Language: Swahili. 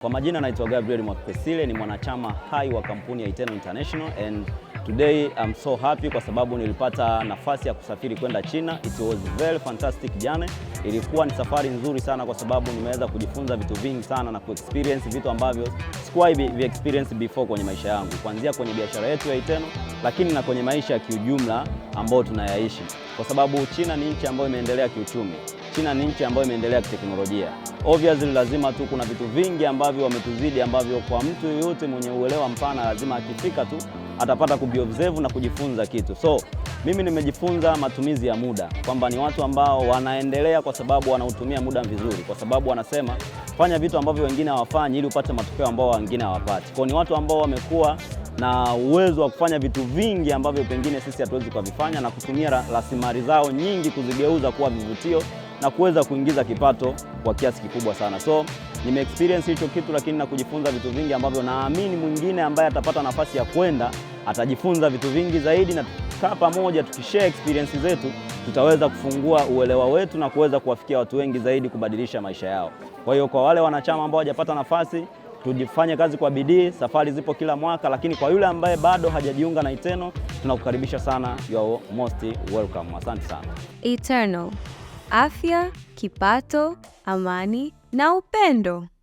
Kwa majina naitwa Gabriel Mwakipesile, ni mwanachama hai wa kampuni ya Eternal International and today I'm so happy kwa sababu nilipata nafasi ya kusafiri kwenda China. It was very fantastic jane, ilikuwa ni safari nzuri sana kwa sababu nimeweza kujifunza vitu vingi sana na kuexperience vitu ambavyo sikuwahi vi experience before kwenye maisha yangu, kuanzia kwenye biashara yetu ya Eternal, lakini na kwenye maisha ya kiujumla ambayo tunayaishi, kwa sababu China ni nchi ambayo imeendelea kiuchumi. China ni nchi ambayo imeendelea kiteknolojia. Obviously lazima tu kuna vitu vingi ambavyo wametuzidi ambavyo kwa mtu yoyote mwenye uelewa mpana lazima akifika tu atapata kubiobserve na kujifunza kitu. So mimi nimejifunza matumizi ya muda kwamba ni watu ambao wanaendelea kwa sababu wanautumia muda vizuri, kwa sababu wanasema fanya vitu ambavyo wengine hawafanyi ili upate matokeo ambao wengine hawapati. Kwa ni watu ambao wamekuwa na uwezo wa kufanya vitu vingi ambavyo pengine sisi hatuwezi kuvifanya na kutumia rasilimali zao nyingi kuzigeuza kuwa vivutio na kuweza kuingiza kipato kwa kiasi kikubwa sana. So nime experience hicho kitu, lakini na kujifunza vitu vingi ambavyo naamini mwingine ambaye atapata nafasi ya kwenda atajifunza vitu vingi zaidi, na tukaa pamoja tukishare experience zetu tutaweza kufungua uelewa wetu na kuweza kuwafikia watu wengi zaidi kubadilisha maisha yao. Kwa hiyo kwa wale wanachama ambao hawajapata nafasi tujifanye kazi kwa bidii. Safari zipo kila mwaka, lakini kwa yule ambaye bado hajajiunga na Eternal tunakukaribisha sana, you most welcome. Asante sana. Eternal, afya, kipato, amani na upendo.